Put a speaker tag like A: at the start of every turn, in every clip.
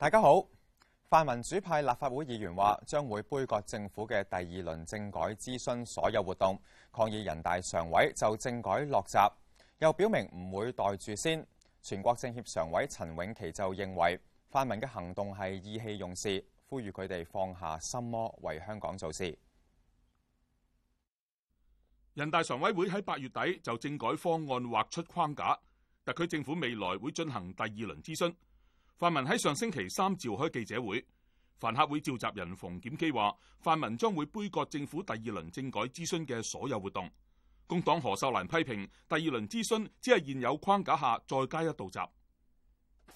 A: 大家好，泛民主派立法會議員話將會杯葛政府嘅第二輪政改諮詢所有活動，抗議人大常委就政改落閘，又表明唔會待住先。全國政協常委陳永琪就認為泛民嘅行動係意氣用事，呼籲佢哋放下心魔，為香港做事。
B: 人大常委會喺八月底就政改方案劃出框架，特區政府未來會進行第二輪諮詢。泛民喺上星期三召開記者會，泛客會召集人馮檢基話：，泛民將會杯葛政府第二輪政改諮詢嘅所有活動。工黨何秀蘭批評：，第二輪諮詢只係現有框架下再加一道閘。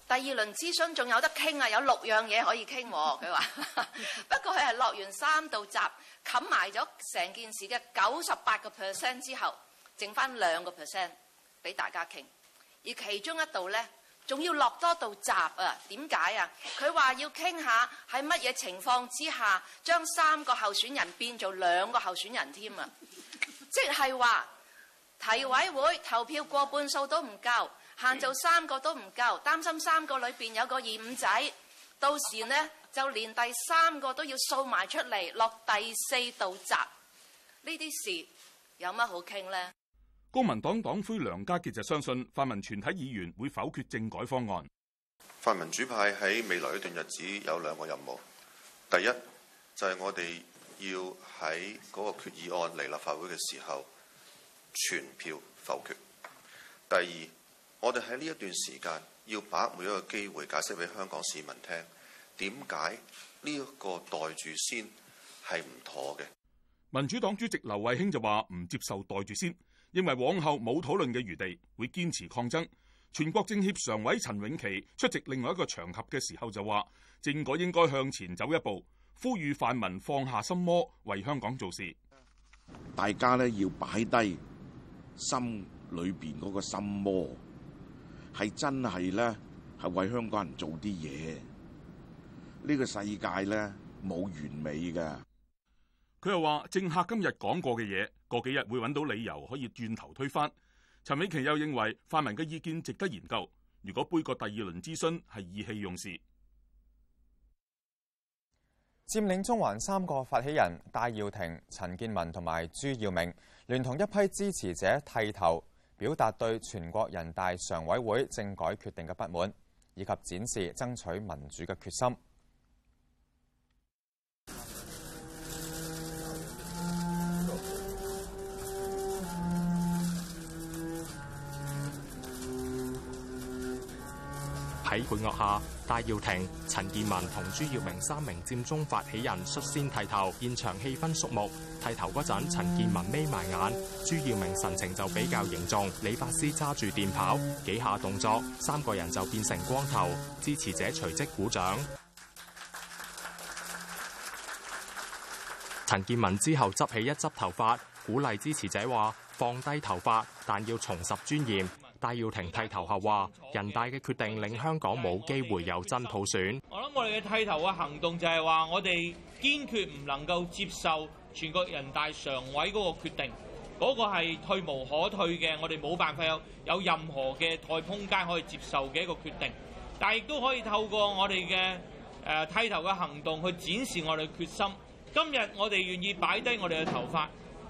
C: 第二輪諮詢仲有得傾啊，有六樣嘢可以傾啊。佢話：， 不過佢係落完三道閘，冚埋咗成件事嘅九十八個 percent 之後，剩翻兩個 percent 俾大家傾。而其中一道咧，仲要落多道閘啊？點解啊？佢話要傾下喺乜嘢情況之下，將三個候選人變做兩個候選人添啊？即係話提委會投票過半數都唔夠，限就三個都唔夠，擔心三個裏邊有個二五仔，到時呢就連第三個都要掃埋出嚟，落第四道閘。呢啲事有乜好傾呢？
B: 公民黨黨魁梁家傑就相信泛民全體議員會否決政改方案。
A: 泛民主派喺未來一段日子有兩個任務，第一就係我哋要喺嗰個決議案嚟立法會嘅時候全票否決。第二，我哋喺呢一段時間要把握每一個機會解釋俾香港市民聽，點解呢一個待住先係唔妥嘅。
B: 民主黨主席劉慧卿就話唔接受待住先。因為往後冇討論嘅餘地，會堅持抗爭。全國政協常委陳永琪出席另外一個場合嘅時候就話：「政改應該向前走一步，呼籲泛民放下心魔，為香港做事。大家
D: 咧要擺低心裏邊嗰個心魔，係真係咧係為香港人做啲嘢。呢個世界
B: 咧冇完美㗎。佢又話政客今日講過嘅嘢。過幾日會揾到理由可以轉頭推翻。陳美琪又認為泛民嘅意見值得研究，如果杯葛第二輪諮詢係意氣用事。
A: 佔領中環三個發起人戴耀廷、陳建文同埋朱耀明，聯同一批支持者剃頭，表達對全國人大常委會政改決定嘅不滿，以及展示爭取民主嘅決心。
D: 喺配樂下，戴耀廷、陳建文同朱耀明三名佔中發起人率先剃頭，現場氣氛肅穆。剃頭嗰陣，陳建文眯埋眼，朱耀明神情就比較凝重。理髮師揸住電刨，幾下動作，三個人就變成光頭。支持者隨即鼓掌。陳建文之後執起一執頭髮，鼓勵支持者話：放低頭髮，但要重拾尊嚴。戴耀廷剃頭後話：人大嘅決定令香港冇機會有真普選。
E: 我諗我哋嘅剃頭嘅行動就係話，我哋堅決唔能夠接受全國人大常委嗰個決定，嗰、嗰個係退無可退嘅，我哋冇辦法有有任何嘅代空間可以接受嘅一個決定。但係亦都可以透過我哋嘅誒剃頭嘅行動去展示我哋嘅決心。今日我哋願意擺低我哋嘅頭髮，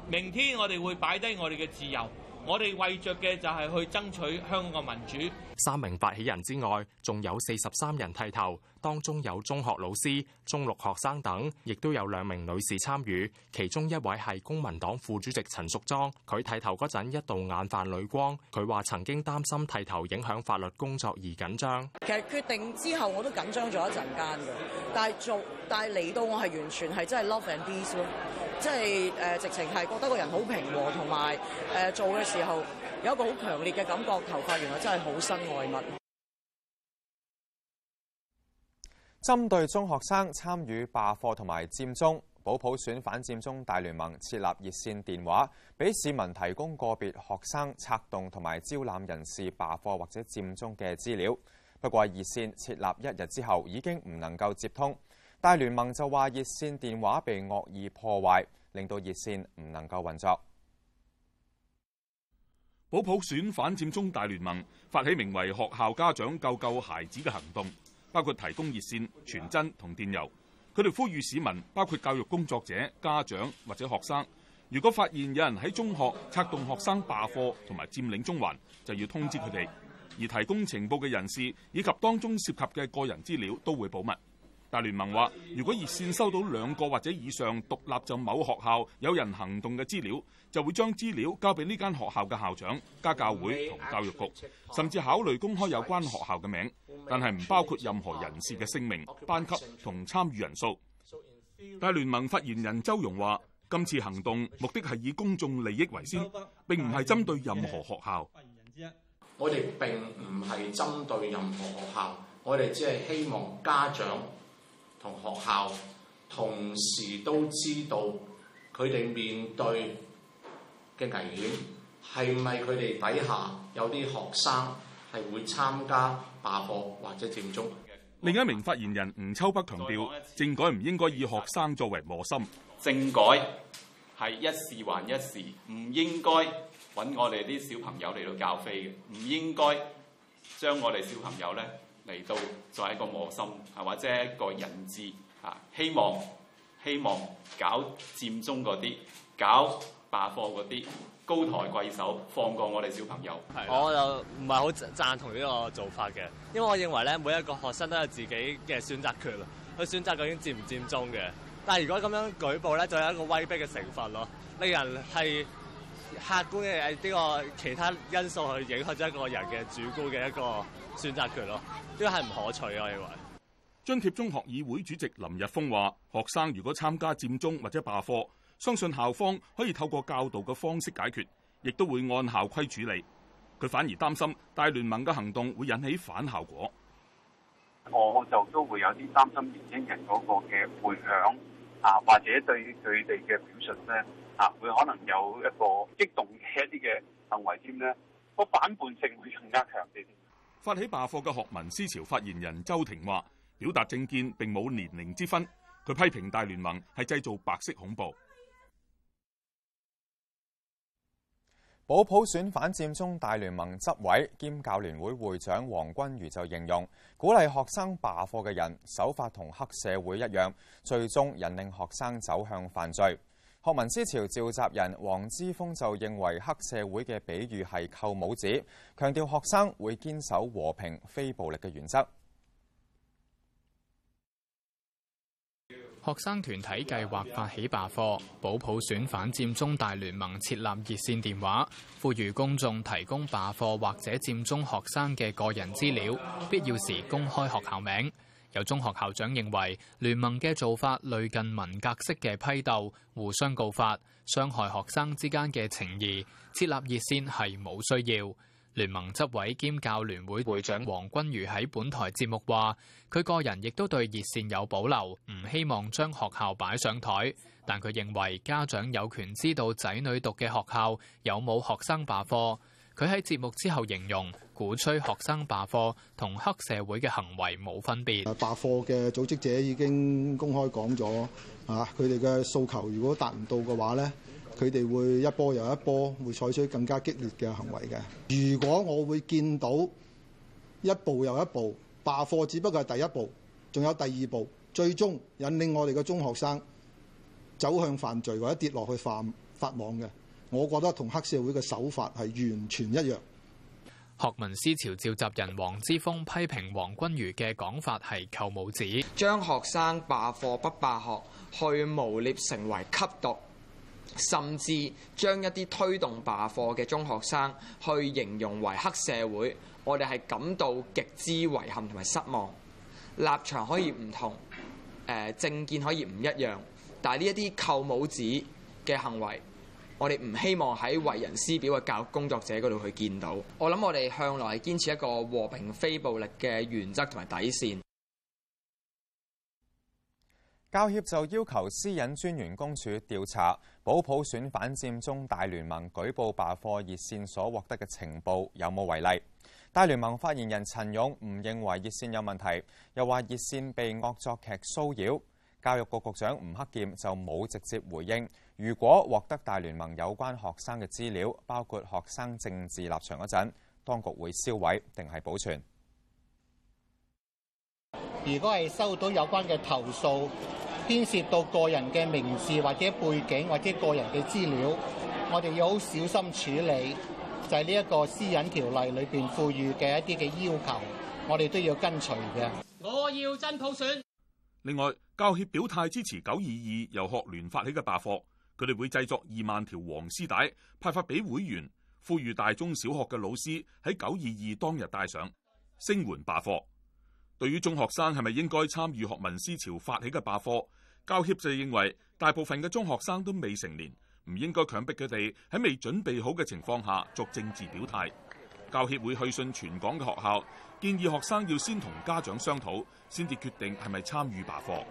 E: 明天我哋會擺低我哋嘅自由。我哋為着嘅就係去爭取香港民主。
D: 三名發起人之外，仲有四十三人剃頭，當中有中學老師、中六學生等，亦都有兩名女士參與。其中一位係公民黨副主席陳淑莊，佢剃頭嗰陣一度眼泛淚光，佢話曾經擔心剃頭影響法律工作而緊張。
C: 其實決定之後我都緊張咗一陣間，但係做，但係嚟到我係完全係真係 love and peace。即係誒、呃，直情係覺得個人好平和，同埋誒做嘅時候有一個好強烈嘅感覺。頭髮原來真係好身外物。
A: 針對中學生參與罷課同埋佔中，保普選反佔中大聯盟設立熱線電話，俾市民提供個別學生策動同埋招攬人士罷課或者佔中嘅資料。不過熱線設立一日之後已經唔能夠接通。大聯盟就話熱線電話被惡意破壞，令到熱線唔能夠運作。保普選反佔中大聯盟發起名為「學
B: 校家長救救孩子」嘅行動，包括提供熱線、傳真同電郵。佢哋呼籲市民，包括教育工作者、家長或者學生，如果發現有人喺中學策動學生罷課同埋佔領中環，就要通知佢哋。而提供情報嘅人士以及當中涉及嘅個人資料都會保密。大聯盟話：如果熱線收到兩個或者以上獨立就某學校有人行動嘅資料，就會將資料交俾呢間學校嘅校長、家教會同教育局，甚至考慮公開有關學校嘅名，但係唔包括任何人士嘅姓名、班級同參與人數。大聯盟發言人周融話：今次行動目的係以公眾利益為先，並唔係針對任何學校。
D: 我哋並唔係針對任何學校，我哋只係希望家長。同學校同時都知道佢哋面對嘅危險，係咪佢哋底下有啲學生係會參
B: 加罷課或者佔中文？另一名發言人吳秋北強調，政改唔應該以學生作為磨心。政改
D: 係一事還一事，唔應該揾我哋啲小朋友嚟到教飛嘅，唔應該將我哋小朋友咧，嚟到做一個磨心，係或者一個人質啊，希望希望搞佔中嗰啲，搞罷課嗰啲，高抬貴手，放過我哋小朋友。是我就唔係好贊同呢個做法嘅，因為我認為咧，每一個學生都有自己嘅選擇權，佢選擇究竟佔唔佔中嘅。但係如果咁樣舉報咧，就有一個威逼嘅成分咯，令人係客觀嘅呢個其他因素去影響咗一個人嘅主觀嘅一個選擇權咯，呢個
B: 係唔可取啊！我認津貼中學議會主席林日峰話：學生如果參加佔中或者罷課，相信校方可以透過教導嘅方式解決，亦都會按校規處理。佢反而擔心大聯盟嘅行動會引起反效果。
D: 我就都會有啲擔心年輕人嗰個嘅
B: 背響啊，或者對佢哋嘅表述咧啊，會可能有一個激動嘅一啲嘅行為添咧，個反叛性會更加強啲。發起罷課嘅學民思潮發言人周庭話：表達政見並冇年齡之分。
A: 佢批評大聯盟係製造白色恐怖。保普選反佔中大聯盟執委兼教聯會會長黃均瑜就形容，鼓勵學生罷課嘅人手法同黑社會一樣，最終引領學生走向犯罪。學民思潮召集人黃之鋒就認為黑社會嘅比喻係扣帽子，強調學生會堅守和平、非暴力嘅原則。
E: 學生團體計劃發起罷課，保普選反佔中大聯盟設立熱線電話，呼籲公眾提供罷課或者佔中學生嘅個人資料，必要時公開學校名。有中學校長認為聯盟嘅做法類近文革式嘅批鬥，互相告發，傷害學生之間嘅情誼，設立熱線係冇需要。聯盟執委兼教聯會會長黃均瑜喺本台節目話，佢個人亦都對熱線有保留，唔希望將學校擺上台，但佢認為家長有權知道仔女讀嘅學校有冇學生罷課。佢喺節目之後形容鼓吹學生罷課同黑社會嘅行為冇分別，罷課嘅組織者已經公開講咗，啊，佢哋嘅訴求如果達唔到嘅話呢，佢哋會一波又一波，會採取更加激烈嘅行為嘅。如果我會見到一步又一步罷課，只不過係第一步，仲有第二步，最終引領我哋嘅中學生走向犯罪或者跌落去犯法網嘅。我覺得同黑社會嘅手法係完全一樣。學民思潮召集人黃之鋒批評黃均瑜嘅講法係扣帽子，將學生罷課不罷學去污蔑成為吸毒，甚至將一啲推動罷課嘅中學生去形容為黑社會，我哋係感到極之遺憾同埋失望。立場可以唔同，誒政見可以唔一樣，但係呢一啲扣帽子嘅行為。我哋唔希望喺為人師表嘅教育工作者嗰度去見到。我諗我哋向來係堅持一個和平非暴力嘅原則同
A: 埋底線。教協就要求私隱專員公署調查保普選反佔中大聯盟舉報罷課熱線所獲得嘅情報有冇違例。大聯盟發言人陳勇唔認為熱線有問題，又話熱線被惡作劇騷擾。教育局局長吳克儉就冇直接回應，如果獲得大聯盟有關學生嘅資料，包括學生政治立場嗰陣，當局會銷毀定係保存？如果係收到有關嘅投訴，
D: 牽涉到個人嘅名字或者背景或者個人嘅資料，我哋要好小心處理，就係呢一個私隱條例裏邊賦予嘅一啲嘅要
E: 求，我哋都要跟隨嘅。我要真普選。
B: 另外，教協表態支持九二二由學聯發起嘅罷課，佢哋會製作二萬條黃絲帶派發俾會員，呼籲大中小學嘅老師喺九二二當日帶上，聲援罷課。對於中學生係咪應該參與學民思潮發起嘅罷課，教協就認為大部分嘅中學生都未成年，唔應該強迫佢哋喺未準備好嘅情況下作政治表態。教協會去信全港嘅學校，建議學生要先同家長商討，先至決定係咪參與罷課。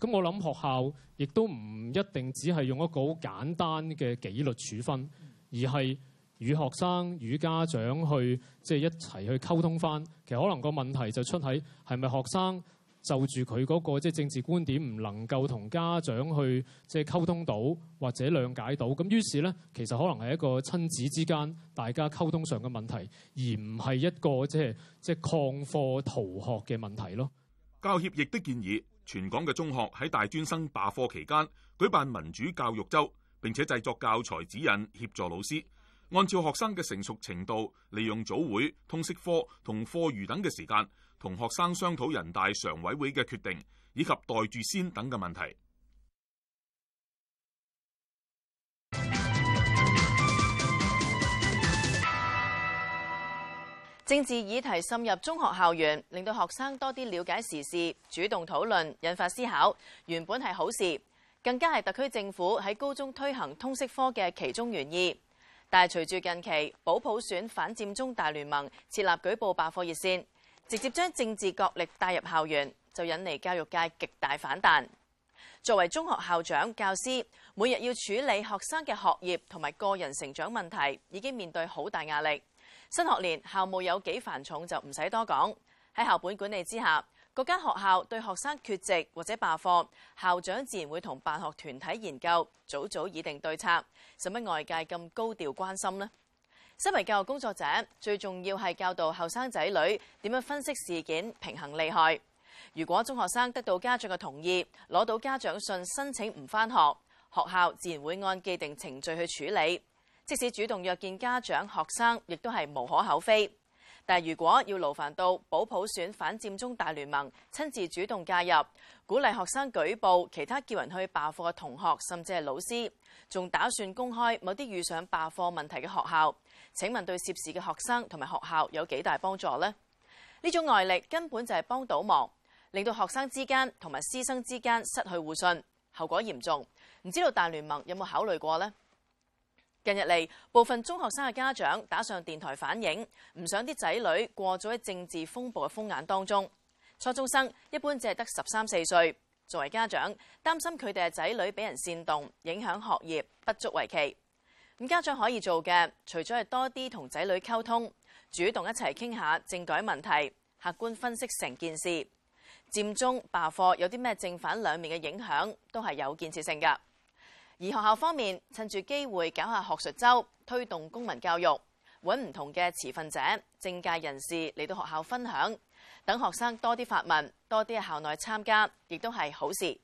E: 咁我諗學校亦都唔一定只係用一個好簡單嘅紀律處分，而係與學生與家長去即係、就是、一齊去溝通返。其實可能個問題就出喺係咪學生。就住佢嗰個即係政治觀點唔能夠同家長去即係溝通到或者諒解到，咁於是呢，其實可能係一個親子之間大家溝通上嘅問題，而唔係一個即係即係曠課逃學嘅問題咯。
B: 教協亦都建議全港嘅中學喺大專生罷課期間舉辦民主教育週，並且製作教材指引，協助老師。按照學生嘅成熟程度，利用早會、通識科同課餘等嘅時間，同學生商討人大常委會嘅決定以及待住先等嘅問題。
F: 政治議題滲入中學校園，令到學生多啲了解時事，主動討論，引發思考，原本係好事，更加係特區政府喺高中推行通識科嘅其中原意。但係隨住近期保普選反佔中大聯盟設立舉報罷課熱線，直接將政治角力帶入校園，就引嚟教育界極大反彈。作為中學校長、教師，每日要處理學生嘅學業同埋個人成長問題，已經面對好大壓力。新學年校務有幾繁重就唔使多講，喺校本管理之下，各間學校對學生缺席或者罷課，校長自然會同辦學團體研究，早早擬定對策。使乜外界咁高調關心呢？身為教育工作者，最重要係教導後生仔女點樣分析事件，平衡利害。如果中學生得到家長嘅同意，攞到家長信申請唔返學，學校自然會按既定程序去處理。即使主動約見家長、學生，亦都係無可厚非。但如果要勞煩到保普選反佔中大聯盟親自主動介入，鼓勵學生舉報其他叫人去罷課嘅同學，甚至係老師，仲打算公開某啲遇上罷課問題嘅學校。請問對涉事嘅學生同埋學校有幾大幫助呢？呢種外力根本就係幫倒忙，令到學生之間同埋師生之間失去互信，後果嚴重。唔知道大聯盟有冇考慮過呢？近日嚟，部分中學生嘅家長打上電台反映，唔想啲仔女過咗喺政治風暴嘅風眼當中。初中生一般只係得十三四歲，作為家長擔心佢哋嘅仔女俾人煽動，影響學業，不足為奇。咁家長可以做嘅，除咗係多啲同仔女溝通，主動一齊傾下政改問題，客觀分析成件事，佔中罷課有啲咩正反兩面嘅影響，都係有建設性㗎。而學校方面，趁住機會搞下學術周，推動公民教育，搵唔同嘅持份者、政界人士嚟到學校分享，等學生多啲發問，多啲喺校內參加，亦都係好事。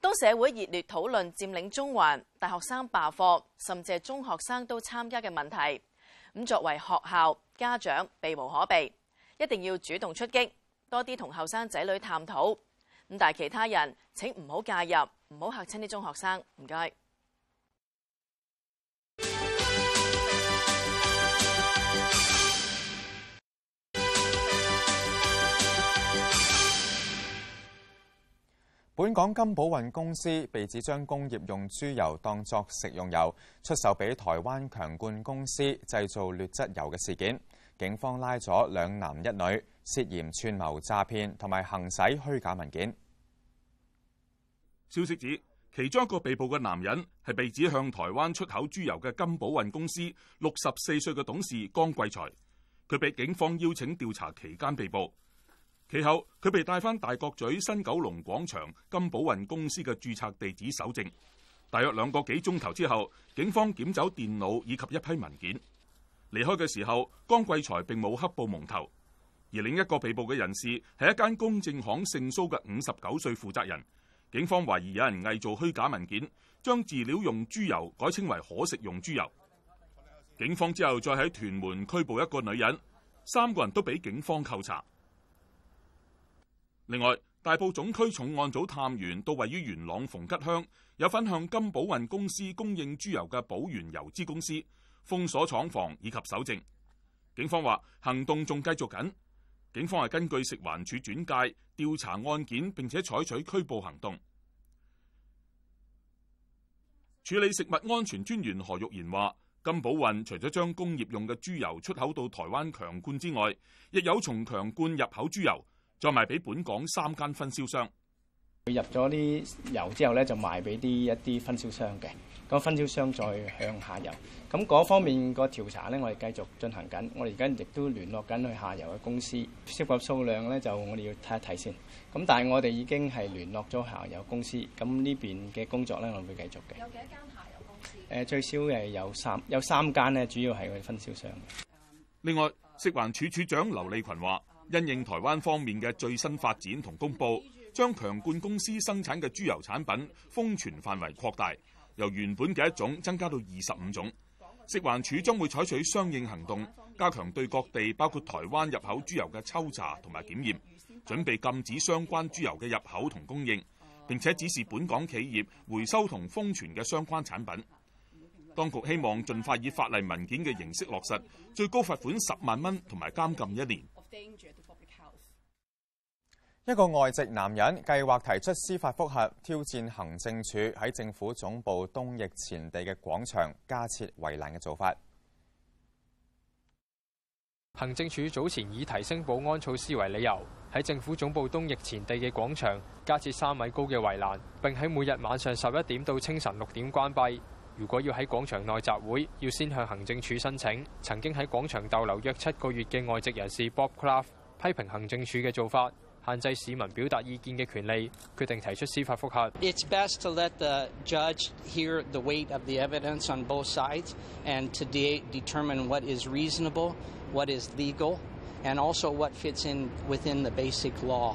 F: 當社會熱烈討論佔領中環、大學生罷課，甚至中學生都參加嘅問題，咁作為學校家長，避無可避，一定要主動出擊，多啲同後生仔女探討。咁但係其他人，請唔好介入，唔好嚇親啲中學生，唔該。
A: 本港金寶運公司被指將工業用豬油當作食用油出售俾台灣強冠公司製造劣質油嘅事件，警方拉咗兩男一女，涉嫌串謀詐騙同埋行使虛假文件。消息指，其中一個被捕嘅男人係被指向台灣出口豬油
B: 嘅金寶運公司六十四歲嘅董事江貴才，佢被警方邀請調查期間被捕。其後佢被帶返大角咀新九龍廣場金寶運公司嘅註冊地址搜證，大約兩個幾鐘頭之後，警方檢走電腦以及一批文件。離開嘅時候，江貴才並冇黑布蒙頭。而另一個被捕嘅人士係一間公證行姓蘇嘅五十九歲負責人。警方懷疑有人偽造虛假文件，將飼料用豬油改稱為可食用豬油。警方之後再喺屯門拘捕一個女人，三個人都俾警方扣查。另外，大埔總區重案組探員到位於元朗逢吉鄉有份向金寶運公司供應豬油嘅寶源油脂公司，封鎖廠房以及搜證。警方話行動仲繼續緊。警方係根據食環署轉介調查案件並且採取拘捕行動。處理食物安全專員何玉賢話：金寶運除咗將工業用嘅豬油出口到台灣強冠之外，亦有從強冠入口豬油。再賣俾本港三間分銷商，佢入咗
D: 啲油之後咧，就賣俾啲一啲分銷商嘅。咁分銷商再向下游。咁嗰方面個調查咧，我哋繼續進行緊。我哋而家亦都聯絡緊去下游嘅公司，涉及數量咧，就我哋要睇一睇先。咁但係我哋已經係聯絡咗下游公司。咁呢邊嘅工作咧，我哋會繼續嘅。有幾多間下游公司？誒，最少誒有
B: 三有三間咧，主要係佢分銷商。另外，食環署署長劉利群話。因應台灣方面嘅最新發展同公布，將強冠公司生產嘅豬油產品封存範圍擴大，由原本嘅一種增加到二十五種。食環署將會採取相應行動，加強對各地包括台灣入口豬油嘅抽查同埋檢驗，準備禁止相關豬油嘅入口同供應，並且指示本港企業回收同封存嘅相關產品。當局希望盡快以法例文件嘅形式落實，最高罰款十萬蚊同埋監禁一年。
A: 一個外籍男人計劃提出司法覆核，挑戰行政署喺政府總部東翼前地嘅廣場加設圍欄嘅做法。行政署早前以提
G: 升保安措施為理由，喺政府總部東翼前地嘅廣場加設三米高嘅圍欄，並喺每日晚上十一點到清晨六點關閉。如果要喺廣場內集會，要先向行政署申請。曾經喺廣場逗留約七個月嘅外籍人士 Bob Clough 批評行政署嘅做法，限制市民表達意見嘅權利，決定提出司法
C: 覆核。It's best to let the judge hear the weight of the evidence on both sides, and to de-determine what is reasonable, what is legal, and also what fits in within the basic law.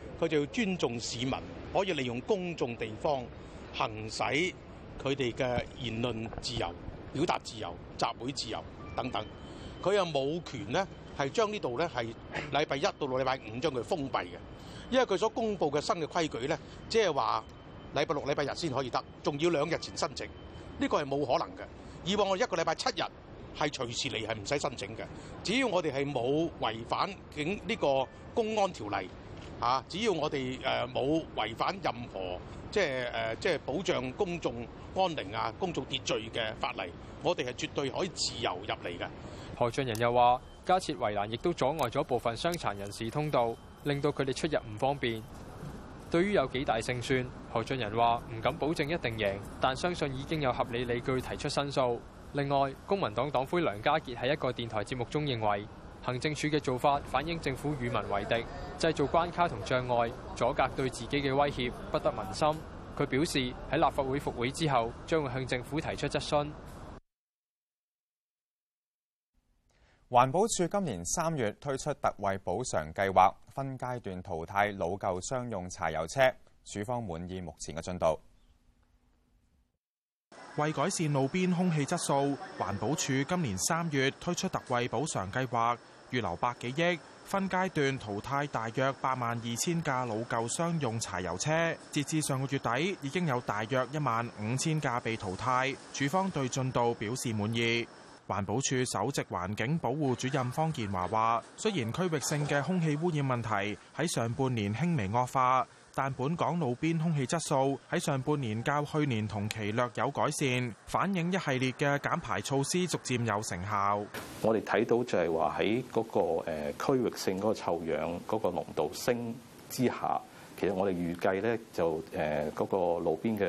D: 佢就要尊重市民可以利用公眾地方行使佢哋嘅言論自由、表達自由、集會自由等等。佢又冇權咧，係將呢度咧係禮拜一到六、禮拜五將佢封閉嘅，因為佢所公布嘅新嘅規矩咧，即係話禮拜六、禮拜日先可以得，仲要兩日前申請，呢個係冇可能嘅。以往我一個禮拜七日係隨時嚟，係唔使申請嘅，只要我哋係冇違反警呢個公安條例。啊只要我哋誒冇違反任何即係誒即係保障公眾安寧啊、公眾秩序嘅法例，我哋係絕對可以自由入嚟嘅。
G: 何俊仁又話：加設圍欄亦都阻礙咗部分傷殘人士通道，令到佢哋出入唔方便。對於有幾大勝算，何俊仁話唔敢保證一定贏，但相信已經有合理理據提出申訴。另外，公民黨黨魁梁家傑喺一個電台節目中認為，行政署嘅做法反映政府與民為敵，製造關卡同障礙，阻隔對自己嘅威脅，不得民心。佢表示喺立法會復會之後，將會向政府提出質詢。
A: 環保署今年三月推出特惠補償計劃，分階段淘汰老舊商用柴油車，署方滿意目前嘅進度。為改善路邊空氣質素，環保署今年
D: 三月推出特惠補償計劃。預留百幾億，分階段淘汰大約八萬二千架老舊商用柴油車。截至上個月底，已經有大約一萬五千架被淘汰。署方對進度表示滿意。環保署首席環境保護主任方健華話，雖然區域性嘅空氣污染問題喺上半年輕微惡化。但本港路邊空氣質素喺上半年較去年同期略有改善，反映一系列嘅減排措施逐漸有成效。我哋睇到就係話喺嗰個誒區域性嗰個臭氧嗰個濃度升之下，其實我哋預計咧就誒嗰個路邊嘅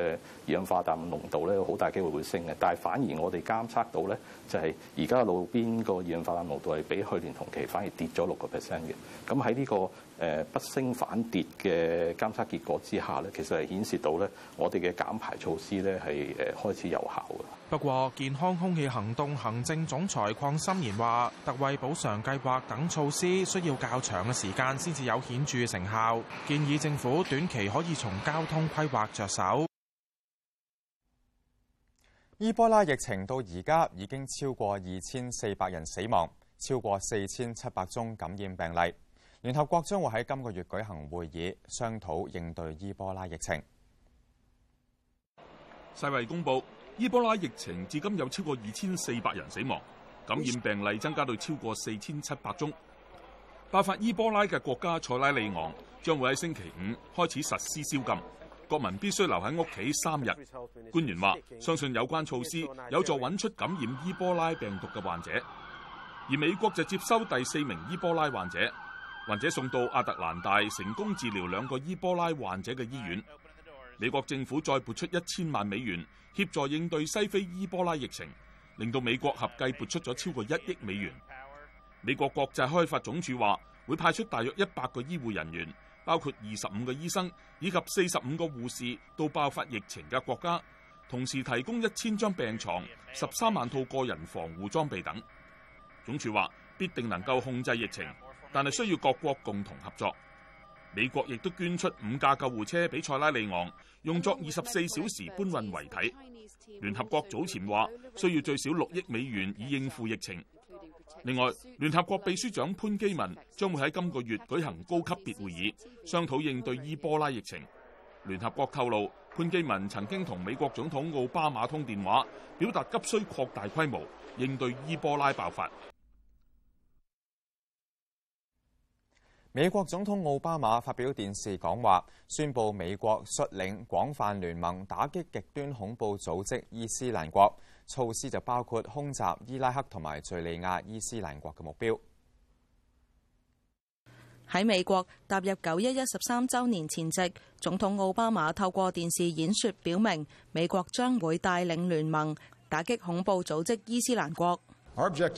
D: 二氧化碳、二氧化氮濃度咧好大機會會升嘅。但係反而我哋監測到咧就係而家路邊個二氧化氮濃度係比去年同期反而跌咗六個 percent 嘅。咁喺呢個，誒不升反跌嘅監測結果之下咧，其實係顯示到咧，我哋嘅減排措施咧係誒開始有效嘅。不過，健康空氣行動行政總裁鄺心妍話特惠補償計劃等措施需要較長嘅時間先至有
A: 顯著嘅成效，建議政府短期可以從交通規劃着手。伊波拉疫情到而家已經超過二千四百人死亡，超過四千七百宗感染病例。聯合國將會喺今個月舉行會議，商討應對伊波拉疫情。
B: 世衞公佈，伊波拉疫情至今有超過二千四百人死亡，感染病例增加到超過四千七百宗。爆發伊波拉嘅國家塞拉利昂將會喺星期五開始實施宵禁，國民必須留喺屋企三日。官員話，相信有關措施有助揾出感染伊波拉病毒嘅患者。而美國就接收第四名伊波拉患者。或者送到亞特蘭大成功治療兩個伊波拉患者嘅醫院。美國政府再撥出一千萬美元協助應對西非伊波拉疫情，令到美國合計撥出咗超過一億美元。美國國際開發總署話會派出大約一百個醫護人員，包括二十五個醫生以及四十五個護士到爆發疫情嘅國家，同時提供一千張病床、十三萬套個人防護裝備等。總署話必定能夠控制疫情。但係需要各國共同合作。美國亦都捐出五架救護車俾塞拉利昂，用作二十四小時搬運遺體。聯合國早前話需要最少六億美元以應付疫情。另外，聯合國秘書長潘基文將會喺今個月舉行高級別會議，商討應對伊波拉疫情。聯合國透露，潘基文曾經同美國總統奧巴馬通電話，表達急需擴大規模應對伊波拉爆發。
A: 美國總統奧巴馬發表電視講話，宣布美國率領廣泛聯盟打擊極端恐怖組織伊斯蘭國。措施就包括空襲伊拉克同埋敘利亞伊斯蘭國嘅目標。
C: 喺美國踏入九一一十三周年前夕，總統奧巴馬透過電視演說，表明美國將會帶領聯盟打擊恐怖組織伊斯蘭國。Our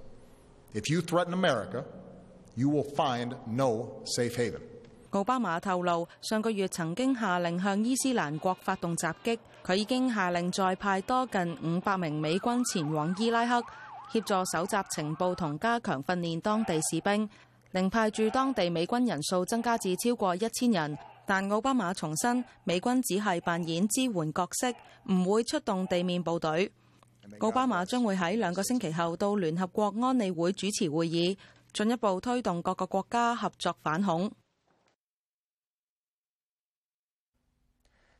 C: If you threaten America, you will find no safe haven. 奧巴馬透露，上個月曾經下令向伊斯蘭國發動襲擊。佢已經下令再派多近五百名美軍前往伊拉克，協助搜集情報同加強訓練當地士兵。另派駐當地美軍人數增加至超過一千人。但奧巴馬重申，美軍只係扮演支援角色，唔會出動地面部隊。奧巴馬將會喺兩個星期後到聯合國安理會主持會議，進一步推動各個國家合作反恐。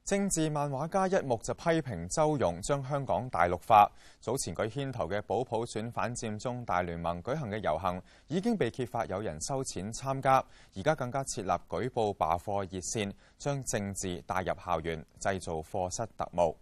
A: 政治漫畫家一木就批評周融將香港大陸化。早前佢牽頭嘅保普選反占中大聯盟舉行嘅遊行，已經被揭發有人收錢參加。而家更加設立舉報罷課熱線，將政治帶入校園，製造課室特務。